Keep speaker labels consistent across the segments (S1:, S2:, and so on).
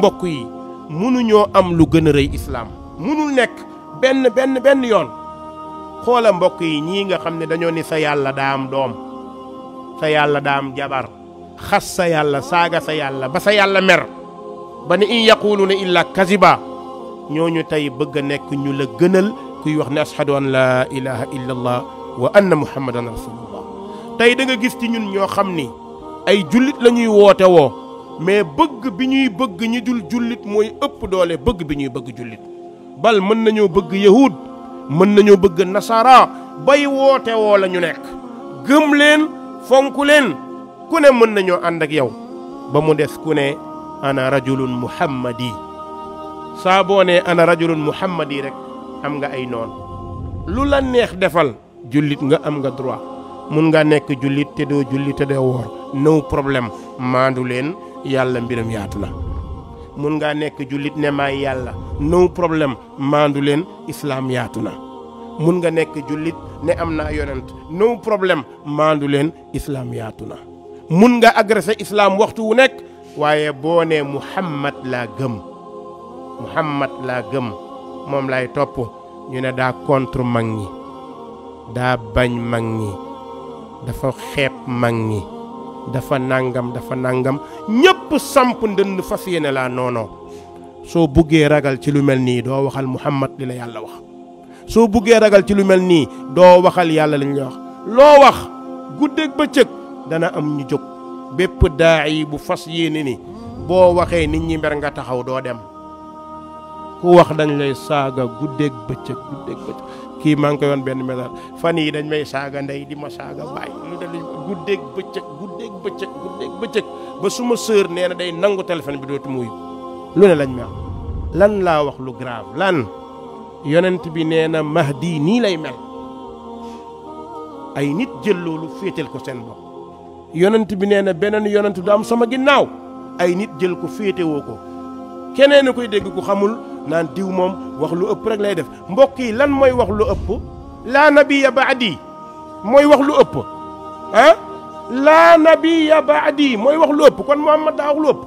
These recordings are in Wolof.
S1: mbokk yi mënuñoo am lu gën a rëy islaam mënul nekk benn benn benn yoon xoola mbokk yi ñii nga xam ne dañoo ni sa yàlla daa am doom sa yàlla daa am jabar xas sa yàlla saaga sa yàlla ba sa yàlla mer ba ne in yaquluuna illa kaziba ñooñu tey bëgg a nekk ñu la gënal kuy wax ne ashhadu an laa ilaha illa allah wa anna muhammadan rasulullah tey da nga gis ci ñun ñoo xam ni ay jullit la ñuy woote woo mais bëgg bi ñuy bëgg ñi dul jullit mooy ëpp doole bëgg bi ñuy bëgg jullit bal mën nañoo bëgg yahud mën nañoo bëgg nasara bay woote woo la ñu nekk gëm leen fonk leen ku ne mën nañoo ànd ak yow ba mu des ku ne ana rajulun muhammadi saa boo ne ana rajulun muhammadi rek am nga ay noon lu la neex defal jullit nga am nga droit mun nga nekk jullit te doo jullite doo woor no problème maandu leen yàlla mbiram yaatu na mun ngaa nekk jullit ne maay yàlla no problème maandu leen islaam yaatu na mun nga nekk jullit ne am na yonent no problème maandu leen islaam yaatu na mun nga agressé islaam waxtu wu nekk waaye boo nee muhammad laa gëm muhammad laa gëm moom lay topp ñu ne daa contre mag ñi daa bañ mag ñi dafa xeeb mag ñi dafa nangam dafa nangam ñepp samp ndënd fasiyene la nono so buggé ragal ci lu melni do waxal muhammad dila yalla So wax so buggé ragal ci lu melni do waxal yalla wax lo wax ak beccëk dana am ñu jóg bép daayi bu fasiyene ni bo waxé nit ñi mber nga taxaw do dem ku wax dañ lay guddé ak beccëk guddé ak beccëk ki ngi koy woon ben message fani dañ may saga ndey di ma saga bay lu dal ak beccëk guddeeg bëccëg guddeeg bëccëg ba su ma sœur nee na day nangu téléphone bi dootu muy lu ne lañ ma lan laa wax lu grave lan yonent bi nee na Mahdi nii lay mel ay nit jël loolu féetal ko seen bopp yonent bi nee na beneen yonent du am sama ginnaaw ay nit jël ko féetewoo ko keneen a koy dégg ku xamul naan diw moom wax lu ëpp rek lay def mbokk yi lan mooy wax lu ëpp laa nabiya baadi mooy wax lu ëpp ah laa nabiya baadi mooy wax lu kon Muhammad daa wax lu ëpp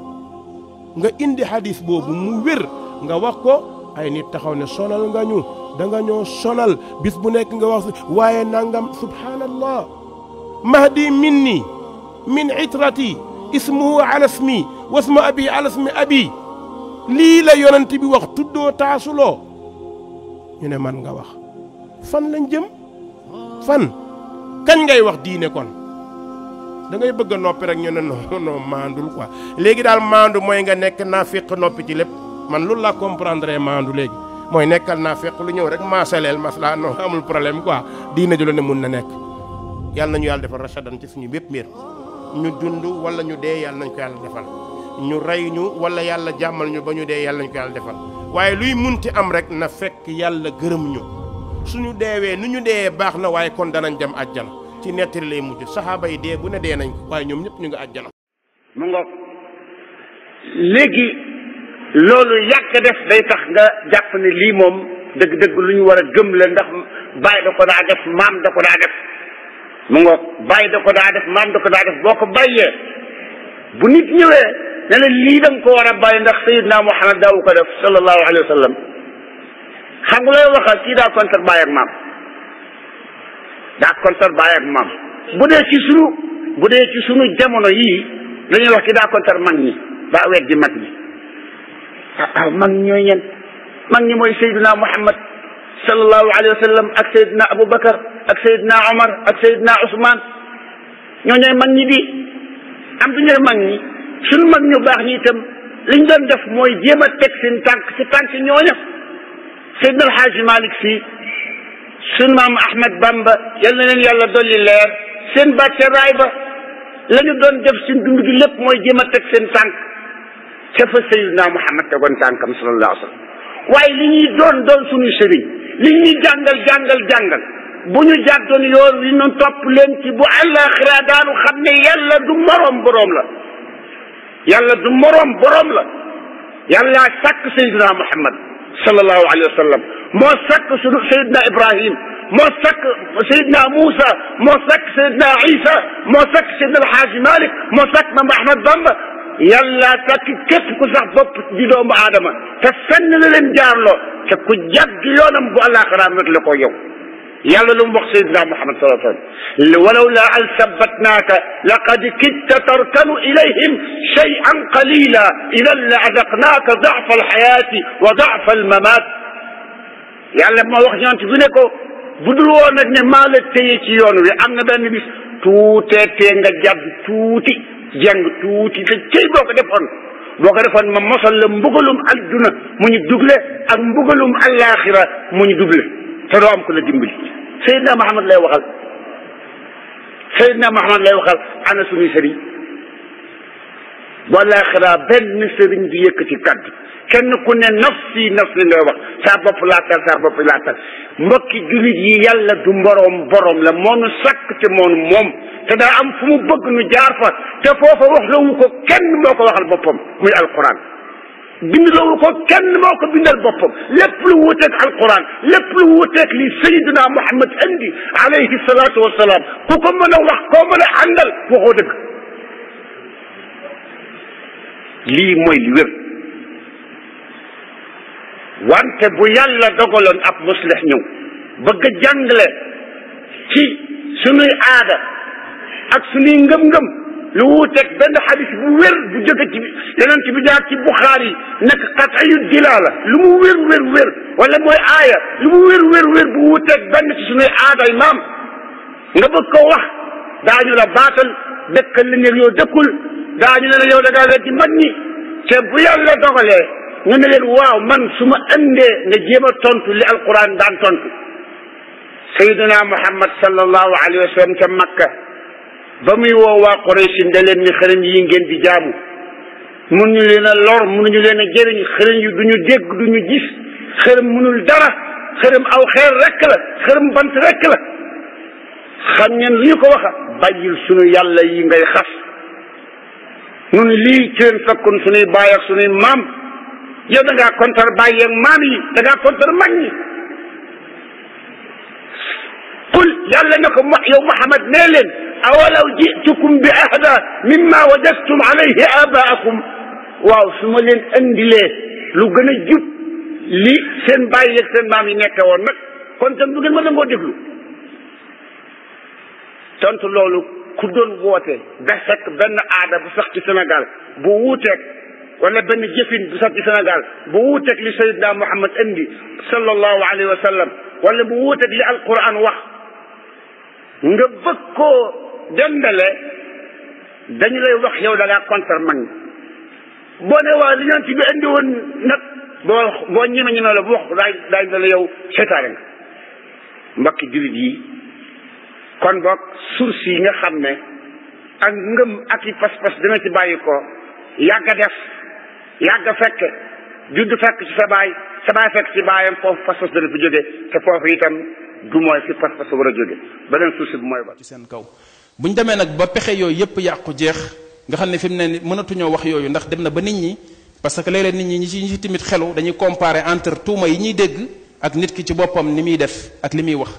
S1: nga indi hadis boobu mu wér nga wax ko ay nit taxaw ne sonal nga ñu da nga ñoo sonal bis bu nekk nga wax waaye nangam subhanallah mahdi minni min itrati ismuhu ala ismi wasmu abi ala ismi abi lii la yonent bi wax tuddoo taasuloo ñu ne man nga wax fan lañ jëm fan kañ ngay wax diine kon da ngay bëgg noppi rek ñu ne non non maandul quoi léegi daal maandu mooy nga nekk naa féq noppi ci lépp man loolu laa comprendre maandu léegi mooy nekkal naa féq lu ñëw rek maasaleel masla non amul problème quoi diina ju loo ne mun na nekk yàlla nañu yàlla defal rachadan ci suñu bépp mbir ñu dund wala ñu dee yàlla nañ ko yàlla defal ñu rey ñu wala yàlla jàmmal ñu ba ñu dee yàlla nañ ko yàlla defal waaye luy munti am rek na fekk yàlla gërëm suñu deewee nu ñu dee baax na waaye kon danañ dem àjjana ci nettali lay mujj saxaaba yi dee bu ne dee nañ waaye ñoom ñëpp ñu nga àjjana mu ngoog
S2: léegi loolu yàq def day tax nga jàpp ne lii moom dëgg-dëgg lu ñu war a gëm ndax bàyyi da ko daa def maam da ko daa def mu da ko daa def maam daa def boo ko bàyyee bu nit ñëwee ne la lii da nga ko war a bàyyi ndax sayidna Muhammad daawu ko def sallallahu alayhi wa sallam xam nga lay waxal kii daa contre maam daa kontar baay ak maam bu dee ci sunu bu dee ci jamono yii dañuy wax ki daa kontar mag ñi daa weddi mag ñi ah, ah, mag ñooy ñen mag ñi mooy Seydina Muhammad sallallahu alayhi wa sallam ak Seydina Aboubacar ak Seydina Omar ak Seydina Ousmane ñoo ñooy mag ñi di am du ñooy mag ñi sunu ñu baax ñi itam liñ doon def mooy jéem a teg seen tànk tànk ñooña Seydina Malik Si suñ maam ahmad bamba yal na leen yàlla dolli leer seen bàcce raay ba la ñu doon def seen dund gi lépp mooy jéem a teg seen tànk ca fa sayidna muhammad tegoon tànkam sallallahu alayhi wa sallam waaye li ñuy doon doon suñu sëriñ li ñuy jàngal jàngal jàngal bu ñu jàddoon yoon wi ñu topp leen ci bu àllaaxira daanu xam ne yàlla du moroom boroom la yàlla du moroom boroom la yàlla sàkk sayidna muhammad sallallahu alayhi wa sallam موثق سيدنا ابراهيم موثق سيدنا موسى موثق سيدنا عيسى موثق سيدنا الحاج مالك موثق من احمد ضمه يلا تكي كيف كزح بوب دي دوم ادم تسن لين جار لو تكو جاد يونم بو الاخره مثلكو يوم يلا لوم بو سيدنا محمد صلى الله عليه وسلم ولولا ان ثبتناك لقد كدت تركن اليهم شيئا قليلا اذا لاذقناك ضعف الحياه وضعف الممات yàlla mo wax ñant bu ne ko bu dul woon nag ne ma la téye ci yoon wi am na benn bis tuté té nga jàpp tuuti jeng tuuti te cëy boko defon boko defon ma mosal la mbugalum adduna mu ñu dugle ak mbugalum allaaxira mu ñu dugle te do am ko la dimbali sayyidna muhammad lay waxal sayyidna muhammad lay waxal ana suñu sëriñ wala khira benn serigne bi yëkati kaddu kenn ku ne nafsi nafsi nga wax sa bopp laatal sa bopp laatal mbokki julit yi yàlla du mboroom borom la moonu sàkk te moonu moom te daa am fu mu bëgg nu jaar fa te foofa wax lawu ko kenn moo ko waxal boppam muy alquran bind lawu ko kenn moo ko bindal boppam lépp lu wuuteeg alquran lépp lu wuuteeg li sayidina muhammad andi alayhi salaatu wasalaam ku ko mën a wax koo mën a àndal waxoo dëgg lii mooy li wér wante bu yàlla dogaloon ab muslix ñëw bëgg a jàngale ci sunuy aada ak sunuy gëm ngëm lu wuuteeg benn xadis bu wér bu jóge ci yonent bi jaar ci buxaari nekk qat'iyu dilaala lu mu wér wér wér wala mooy aaya lu mu wér wér bu wuuteeg benn ci sunuy aaday maam nga bëgg ko wax daañu la baatal dëkkal li ngeen yow dëkkul daa ne la yow da ngaa weddi mag bu yàlla dogalee ñu ne leen waaw man su ma andee nga jéem a tontu li alquran daan tontu sayiduna muhammad sallallahu alayhi wa sallam ca ba muy woo waa quraysin da ni xërëm yi ngeen di jaamu mënuñu leen a lor mënuñu leen a jëriñ xërëm yu duñu dégg duñu gis xërëm mënul dara xërëm aw xeer bant rek la xam ngeen lu ko waxa bàyyil sunu yàlla yi ngay xas nun lii ci leen fekkoon sunuy baay ak sunuy maam yow da ngaa kontar bàyyi ak maam yi da ngaa kontar mag ñi qul yàlla na ko yow Muhammad nee leen awalaw jitukum bi ahda mimma wajadtum alayhi abaakum waaw su ma leen andilee lu gën a jub li seen bàyyi ak seen maam yi nekke woon nag kon tam du ngeen ma dangoo déglu tontu loolu ku doon woote ba fekk benn aada bu sax ci Sénégal bu wuuteeg wala benn jëfin bu sax ci Sénégal bu wuuteeg li Seydina Muhammad indi sallallahu alayhi wa sallam wala bu wuuteeg li Alquran wax nga bëgg koo dendale dañu lay wax yow da ngaa contre man boo ne li ñaan ci bi indi woon nag boo boo ñeme ñeme la bu wax daay daay ne la yow nga mbokki jullit yi kon boog source nga xam ne ak ngëm ak i pas-pas dina ci bàyyi ko yàgga def yàgg fekk judd fekk ci sa baay sa baay fekk ci baayam foofu pas-pas dana fi jóge te foofu itam du mooy fi pas-pas war a jóge beneen suuf si bu mooy ba ci seen kaw
S3: bu ñu demee nag ba pexe yooyu yëpp yàqu jeex nga xam ne fi mu ne mënatuñoo wax yooyu ndax dem na ba nit ñi parce que léeg nit ñi ñi ci tamit xelu dañuy comparer entre tuuma yi ñuy dégg ak nit ki ci boppam ni muy def ak li muy wax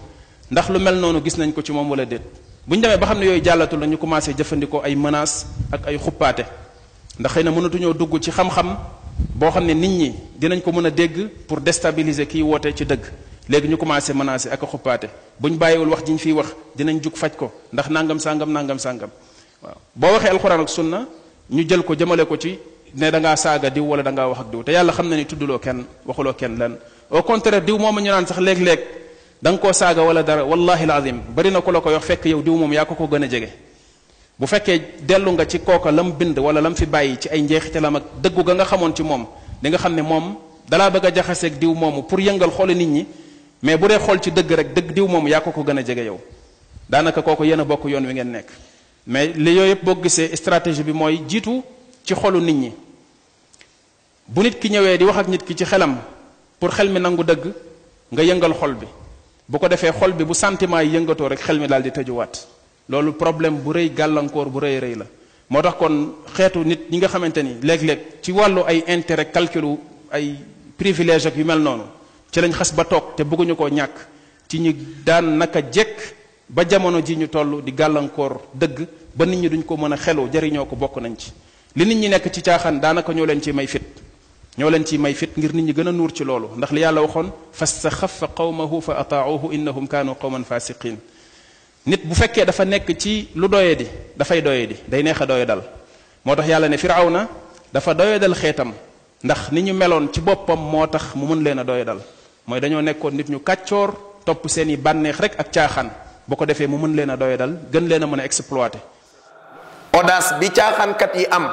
S3: ndax lu mel noonu gis nañ ko ci moom wala déet bu ñu demee ba xam ne yooyu jàllatul la ñu commencé jëfandikoo ay menaces ak ay ndax xëy na mënatuñoo dugg ci xam-xam boo xam ne nit ñi dinañ ko mën a dégg pour déstabiliser kiy woote ci dëgg léegi ñu commencé menacer ak a xuppaate ñu bàyyiwul wax ji ñu fiy wax dinañ jug faj ko ndax nangam sàngam nangam sàngam waaw boo waxee alxuraan ak sunna ñu jël ko jëmale ko ci ne da ngaa saaga diw wala da ngaa wax ak diw te yàlla xam na ni tudduloo kenn waxuloo kenn lan au diw moom ñu naan sax léeg-léeg da nga koo saaga wala dara wallahi alazim bari na ko la koy wax fekk yow diw moom yaa ko ko gën a jege bu fekkee dellu nga ci kooka lam bind wala lam fi bàyyi ci ay njeexitalam ak dëggu ga nga xamoon ci moom di nga xam ne moom dalaa bëgg a jaxaseeg diw moomu pour yëngal xooli nit ñi mais bu dee xool ci dëgg rek dëgg diw moomu yaa ko ko gën a jege yow daanaka kooku yéen a bokk yoon wi ngeen nekk mais li yooyu yëpp boo gisee stratégie bi mooy jiitu ci xolu nit ñi bu nit ki ñëwee di wax ak nit ki ci xelam pour xel mi nangu dëgg nga yëngal xol bi bu ko defee xol bi bu sentiment yëngatoo rek xel mi daal di tëjuwaat loolu problème bu rëy gàllankoor bu rëy rëy la moo tax kon xeetu nit ñi nga xamante ni léeg-léeg ci wàllu ay intérêt calculu ay privilège ak yu mel noonu ci lañ xas ba toog te bëgguñu koo ñàkk ci ñi daan naka jekk ba jamono ji ñu toll di gàllankoor dëgg ba nit ñi duñ ko mën a xeloo jariñoo ko bokk nañ ci li nit ñi nekk ci caaxaan daanaka ñoo leen ci may fit ñoo leen ci may fit ngir nit ñi gën a nuur ci loolu ndax li yàlla waxoon fastaxafa qawmahu fa ataauhu innahum kaanu qawman fasiqin nit bu fekkee dafa nekk ci lu doye di dafay doye di day neex a doye dal moo tax yàlla ne firawna dafa doye dal xeetam ndax ni ñu meloon ci boppam moo tax mu mën leen a doye dal mooy dañoo nekkoon nit ñu kàccoor topp seen i bànneex rek ak caaxaan bu ko defee mu mën leen doye dal gën leen a exploiter
S4: audace bi kat yi am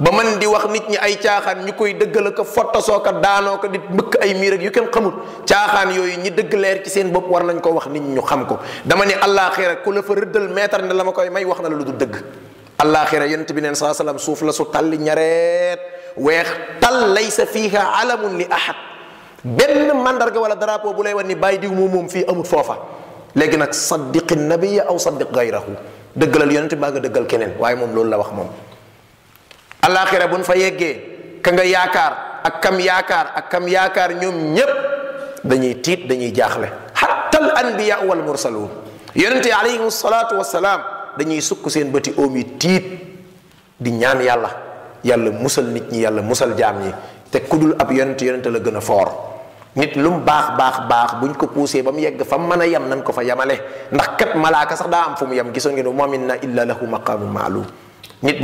S4: ba man di wax nit ñi ay caaxaan ñi koy dëggal ko fottasoo ko daanoo ko di mbëkk ay miir yu kenn xamul caaxaan yooyu ñi dëgg leer ci seen bopp war nañ ko wax nit ñi ñu xam ko dama ne allaaxira ku la fa rëddal meetar ne la ma koy may wax na la lu du dëgg allaaxira yonent bi neen saa salaam suuf la su talli ñareet weex tal laysa fiiha alamun li ahad benn mandarga wala drapeau bu lay wan ni bàyyi diw moom moom fii amut foofa léegi nag saddiqi nabiya aw saddiq gayrahu dëggalal yonent baa nga dëggal keneen waaye moom loolu la wax moom alaaxira nu fa yeggee ka nga yaakaar ak kam yaakaar ak kam yaakaar ñoom ñépp dañuy tiit dañuy jaaxle hatta al anbiya wal mursaluun yonente yi alayhim salaatu wasalaam dañuy sukk seen bëti oom yi tiit di ñaan yàlla yàlla musal nit ñi yàlla musal jaam ñi te kudul ab yonent yonente la gën a foor nit lu mu baax baax baax buñ ko poussé ba mu yegg fa mën a yem nañ ko fa yamale ndax kat malaaka sax daa am fu mu yem gisoon ngeen wa maa minnaa illaa lahu maqaamun ma'luum nit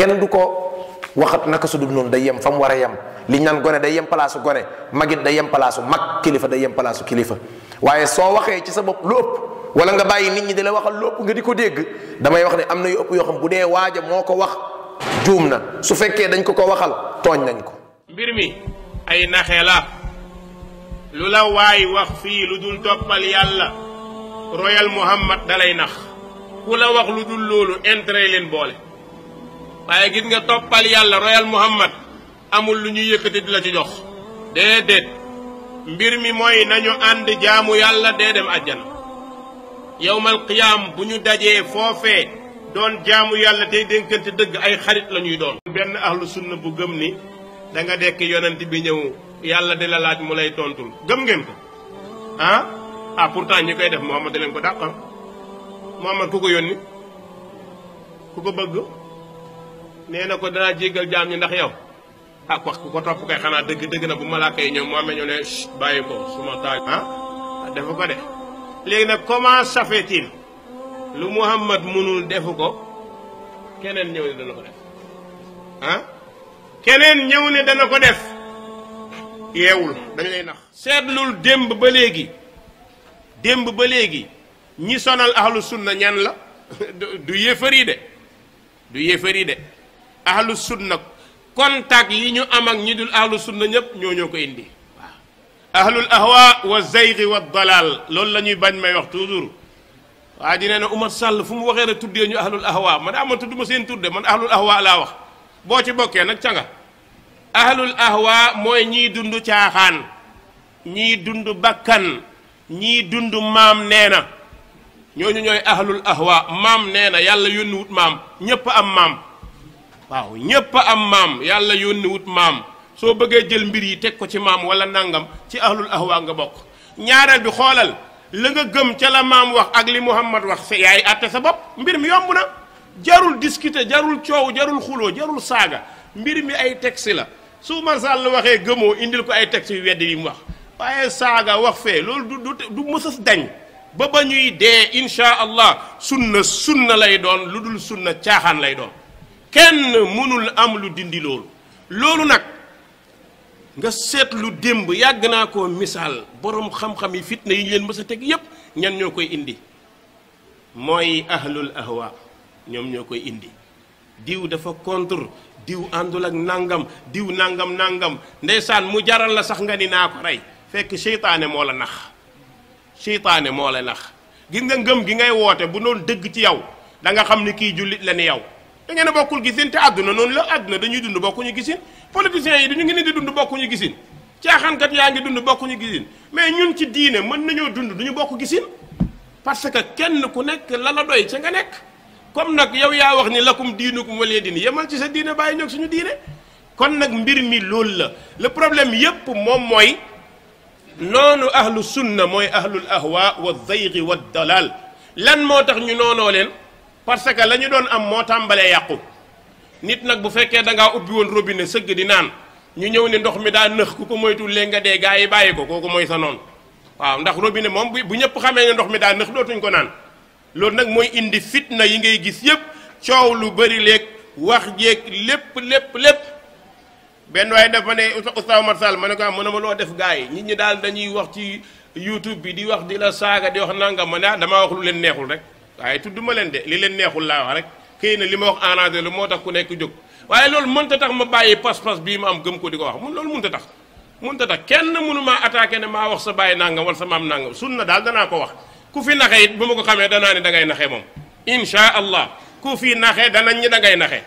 S4: kenn du ko waxat naka su du noonu day yem fa mu war a yem liñ naan gone day yem palaasu gone magit day yem palaasu mag kilifa day yem palaasu kilifa waaye soo waxee ci sa bopp lu ëpp wala nga bàyyi nit ñi di la waxal lu ëpp nga di ko dégg damay wax ne am na yu ëpp yoo xam bu dee waaja moo ko wax juum na su fekkee dañ ko ko waxal tooñ nañ ko.
S1: mbir mi ay naxe la lu la waay wax fii lu dul toppal yàlla royal Muhammad dalay nax ku la wax lu dul loolu leen boole. waaye gis nga toppal yàlla royal muhammad amul lu ñuy yëkkati di la ci jox déedéet mbir mi mooy nañu ànd jaamu yàlla dee dem àjjana yowmal qiyaam bu ñu dajee foofee doon jaamu yàlla tey dénkante dëgg ay xarit la ñuy doon benn ahlu sunna bu gëm ni danga nga dekk yonent bi ñëw yàlla di la laaj mu lay tontul gëm ngeen ko ah ah ñi koy def Muhammad da leen ko dàqam Muhammad ku ko yónni ku ko bëgg neena ko danaa jéggal jaam ñi ndax yow ak ah, wax ku ko topp kay xanaa dëgg dëgg na bu malaaka yi moo amee ne bàyyi suma taaj ah defu ko de léegi nag comment ça fait-il lu Muhammad Munul defu ko keneen ñëw ne dana ko def ah keneen ñëw ne dana ko def yeewul dañ lay nax seetlul démb ba léegi démb ba léegi ñi sonal ahlu sunna ñan la du yéefar yi de du yéefar de ahlu sunna contact yi ñu am ak ñi dul ahlu sunna ñëpp ñoo ñoo ko indi waaw ahlul ahwa wa zaygi wa dalal loolu la ñuy bañ may wax toujours waa ji na Umar Sall fu mu waxee rek tuddee ñu ahlul ahwa man daa ah man tudd ma seen tudde man ahlul ahwa laa wax boo ci bokkee nag ca nga ahlul ahwa mooy ñiy dund caaxaan ñii dund bakkan ñii dund maam nee na ñooñu ñooy ahlul ahwa maam nee na yàlla yónniwut maam ñépp am maam waaw ñépp am maam yàlla yónni wut maam soo bëggee jël mbir yi teg ko ci maam wala nangam ci ahlul ahwa nga bokk ñaareel bi xoolal la nga gëm ca la maam wax ak li Muhammad wax sa yaay àtte sa bopp mbir mi yomb na jarul diskite jarul coow jarul xuloo jarul saaga mbir mi ay texte la su ma sàll waxee gëmoo indil ko ay texte yu wedd yi mu wax waaye saaga wax fee loolu du du du mësas dañ ba ba ñuy dee insha allah sunna sunna lay doon lu dul sunna caaxaan lay doon kenn mënul am lu dindi loolu loolu nag nga seetlu démb yàgg naa ko misaal boroom xam-xam yi fitna yi ñu leen mës a teg yépp ñan ñoo koy indi mooy ahlul ahwa ñoom ñoo koy indi diw dafa contre diw àndul ak nangam diw nangam nangam ndeysaan mu jaral la sax nga ni naa ko rey fekk seytaane moo la nax seytaane moo la nax gis nga ngëm gi ngay woote bu noonu dëgg ci yow danga xam ni kii jullit la ni yow da ngeen a bokkul gisin te àdduna noonu la àdduna dañuy dund bokkuñu gisin politiciens yi dañu ngi ne di dund bokkuñu gisin caaxaankat yaa ngi dund bokkuñu gisin mais ñun ci diine mën nañoo dund duñu bokk gisin parce que kenn ku nekk la la doy ca nga nekk comme nag yow yaa wax ni lakum diinukum walee dini yemal ci sa diine bàyyi ñoog suñu diine kon nag mbir mi loolu la le problème yépp moom mooy noonu ahlu sunna mooy ahlul ahwa wa zaygi wa dalal lan moo tax ñu noonoo leen parce que la ñu doon am moo tàmbalee yàqu nit nag bu fekkee da ngaa ubbi woon robinet sëgg di naan ñu ñëw ne ndox mi daa nëx ku ko moytul leen nga dee gaa yi bàyyi ko kooku mooy sa noonu waaw ndax robinet moom bu ñëpp xamee ne ndox mi daa nëx dootuñ ko naan loolu nag mooy indi fitna yi ngay gis yépp coow lu bari léeg wax jéeg lépp lépp lépp benn waaye dafa ne Oustaz Oumar Sall ma ne ko ah mën na ma loo def gaa yi nit ñi daal dañuy wax ci YouTube bi di wax di la saaga di wax nangam ma ne ah damaa leen neexul rek waaye tudd ma leen de li leen neexul laa wax rek xëy na li ma wax arrangé lu moo tax ku nekk jóg waaye loolu mënta tax ma bàyyi pas-pas bii ma am gëm ko di ko wax mun loolu mënta tax mënta tax kenn mënu maa attaqué ne maa wax sa bàyyi nangam wala sa maam nangam sunna daal danaa ko wax ku fi naxe it bu ma ko xamee danaa ne dangay naxe moom insha allah ku fi naxe danañ ñi dangay naxe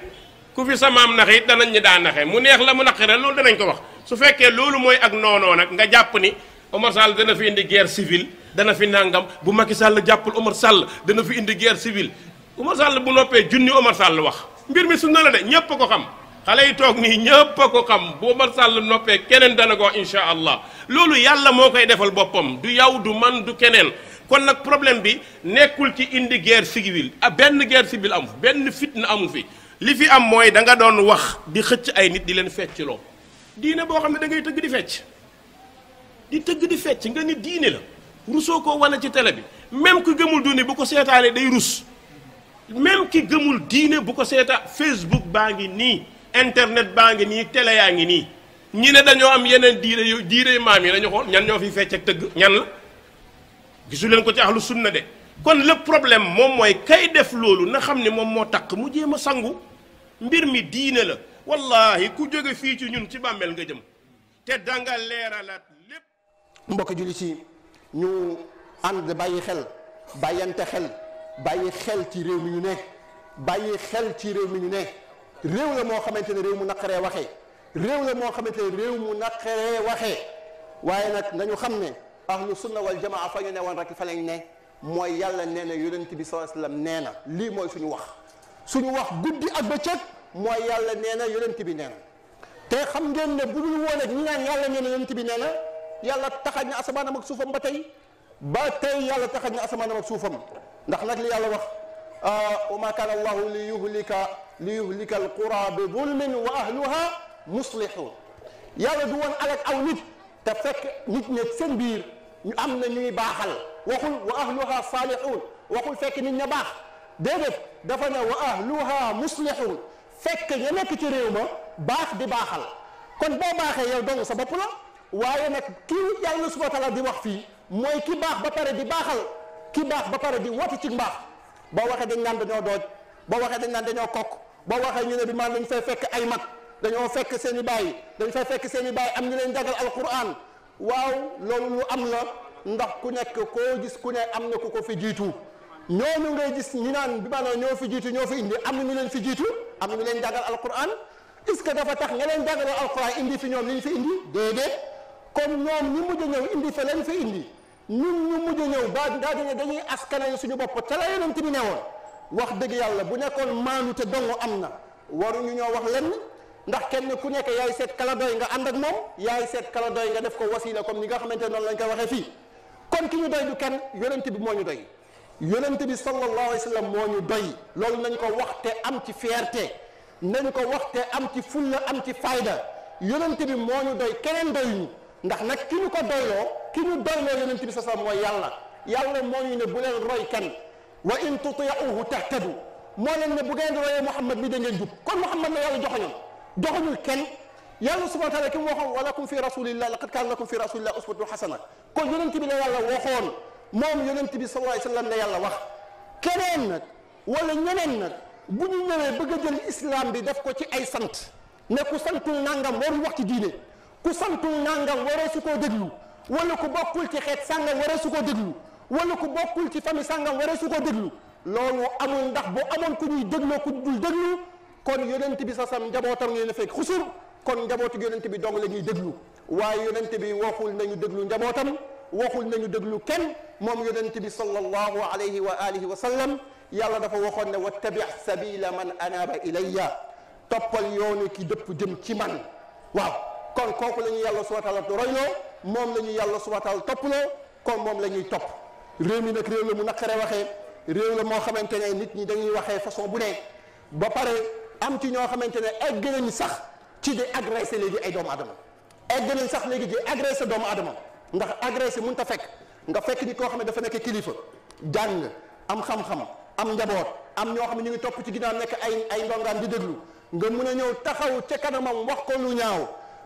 S1: ku fi sa maam naxe it danañ ñi daa naxe mu neex la mu naqare loolu danañ ko wax su fekkee loolu mooy ak noonoo nag nga jàpp ni Omar Sall dana fi indi guerre civile dana fi nangam bu Macky sàll jàppul Omar sàll dana fi indi guerre civile Omar sàll bu noppee junni Omar sàll wax mbir mi sunna la de ñépp a ko xam xale yi toog nii ñépp ko xam bu Omar sàll noppee keneen dana ko incha allah loolu yàlla moo koy defal boppam du yow du man du keneen kon nag problème bi nekkul ci indi guerre civile ah benn guerre civile amu benn fitna amu fi li fi am mooy da nga doon wax di xëcc ay nit di leen feccloo diine boo xam ne da tëgg di fecc di tëgg di fecc nga ni diine rusoo ko wane ci tele bi même ku gëmul diine bu ko seetaanee day rus même ki gëmul diine bu ko seetaa Facebook baa ngi nii internet baa ngi nii tele yaa ngi nii ñi ne dañoo am yeneen diire yu diine maam yi dañu xool ñan ñoo fi fecc tëgg ñan la gisu ko ci ahlu sunna de kon le problème moom mooy kay def loolu na xam ni moom moo takk mu jéem a sangu mbir mi diine la wallahi ku jóge fii ci ñun ci bàmmeel nga jëm te danga leeralaat lépp
S5: mbokk julli ci ñu ànd bàyyi xel bàyyante xel bàyyi xel ci réew mi ñu ne bàyyi xel ci réew mi ñu ne réew la moo xamante ne réew mu naqaree waxee réew la moo xamante ne réew mu naqaree waxee waaye nag nañu xam ne ahlu sunna wal jamaa fa ñu ne woon rek fa lañ ne mooy yàlla nee na yonent bi sallallahu alayhi nee na lii mooy suñu wax suñu wax guddi ak bëccëg mooy yàlla nee na yonent bi nee na te xam ngeen ne bu dul woon ak ñi naan yàlla nee na yonent bi nee na يالا تخاج نا اسمان مك سوفم باتاي باتاي يالا تخاج نا اسمان مك سوفم لي يالا واخ آه، وما كان الله ليهلك ليهلك القرى بظلم واهلها مصلحون يالا دوون عليك او نيت تا فك نيت نيت سن بير ني امنا ني باخال واهلها صالحون وقل فك من ني باخ ديدف واهلها مصلحون فك يا ريوما باخ دي باخال كون بو باخي يا دوغ سا waaye nag kii subhanahu wa taala di wax fi moy ki bax ba pare di baxal ki bax ba pare di woti ci mbax boo waxe dañ naan dañu doj boo waxe dañ naan dañu kok boo waxe ñu ne bi ma lañ fay fekk ay mak dañu fekk seen baay dañ fay fekk seen baay am ñu leen jagal alquran waw loolu lu am la ndax ku nekk ko gis ku ne am na ku ko fi jiitu ñooñu ngay gis ñi naan bi maanaam ñoo fi jitu ñoo fi indi am ñu leen fi jitu am ñu leen jagal alquran est ce que dafa tax nga leen alquran indi fi ñoom liñ fi indi kon ñoom ñi mujj a ñëw indi fa lañ fa indi ñun ñu mujj a ñëw daa daa di ne dañuy askanale suñu bopp ca la yonent bi ne woon wax dëgg yàlla bu nekkoon maanu te dong am na waruñu ñoo wax lenn ndax kenn ku nekk yaay seet kala doy nga ànd ak moom yaay seet kala doy nga def ko wasila comme ni nga xamante noonu lañ ko waxee fii kon ki ñu doy du kenn yonent bi moo ñu doy yonent bi sallallahu alayhi wa sallam moo ñu doy loolu nañ ko wax te am ci fierté nañ ko wax te am ci fulla am ci fayda yonent bi moo ñu doy keneen doy ñu ndax nak ki ñu ko doyloo ki ñu doyloo yonent bi sallam moy yàlla yàlla moo ñu ne bu len roy kan wa in tutiuhu tahtadu mo len ne bu gen roy muhammad bi de ngeen jub kon muhammad na yàlla joxoñoon joxoñul ken yàlla subhanahu wa taala ki mu waxoon walakum fi rasulillah laqad kaana lakum fi rasulillah uswatun hasana kon yonent bi la yàlla waxoon mom yonent bi sallallahu alayhi wasallam la yàlla wax keneen nak wala ñeneen nak bu ñu ñëwee bëgg jël islam bi def ko ci ay sante ne ku santul nangam warul wax ci diine كوسانتو نانغام ورسوكو دغلو ولا كو بوكول تي خيت سانغام ورسوكو دغلو ولا كو بوكول تي فامي امون داخ بو امون كو ني دغلو كو كون يونتي بي ساسام جابوتام ني نفيك خوسور كون جابوت يونتي بي دوغ لا ني دغلو واي يونتي بي واخول نانيو دغلو جابوتام واخول نانيو دغلو كين موم يونتي بي صلى الله عليه واله وسلم يالا دا فا واتبع سبيل من اناب اليا topal yoonu ki depp jëm kon kooku la ñu yàlla subhaana taala royloo moom la ñu yàlla subhaana taala topploo kon moom la ñuy topp réew mi nag réew la mu naqare waxee réew la moo xamante ne nit ñi dañuy waxee façon bu ne ba pare am ci ñoo xamante ne egg nañ sax ci di agressé léegi ay doomu adama egg nañ sax léegi di agressé doomu adama ndax agressé mun ta fekk nga fekk ni koo xam ne dafa nekk kilifa jàng am xam-xam am njaboot am ñoo xam ne ñu ngi topp ci ginnaaw nekk ay ay ndongaan di déglu nga mun a ñëw taxaw ca kanamam wax ñaaw.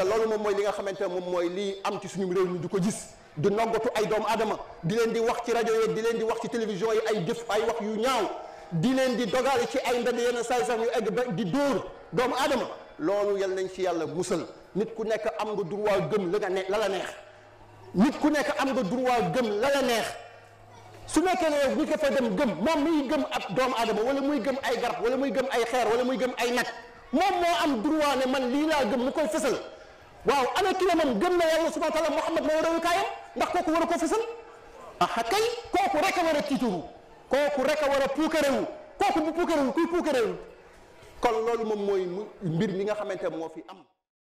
S5: te loolu moom mooy li nga xamante ne moom mooy lii am ci suñu réew mi di ko gis di noggatu ay doomu aadama di leen di wax ci rajo yi di leen di wax ci télévision yi ay jëf ay wax yu ñaaw di leen di dogale ci ay ndaje yenn saay sax ñu egg ba di dóor doomu aadama loolu yal nañ ci yàlla musal nit ku nekk am nga droit gëm la nga ne la la neex nit ku nekk am nga droit gëm la la neex su nekkee ne yow bu ko fa dem gëm moom muy gëm ab doomu aadama wala muy gëm ay garab wala muy gëm ay xeer wala muy gëm ay nag moom moo am droit ne man lii laa gëm mu koy fësal واو انا كي مام گن يالله سبحانه وتعالى محمد ما ورو كاي دا كوكو ورو كو فسل اه كاي كوكو ريك ورا تيتورو كوكو ريك ورا بوكرو كوكو بو بوكرو كوي بوكرو كون لول مام موي مبير ميغا خامتاني مو في ام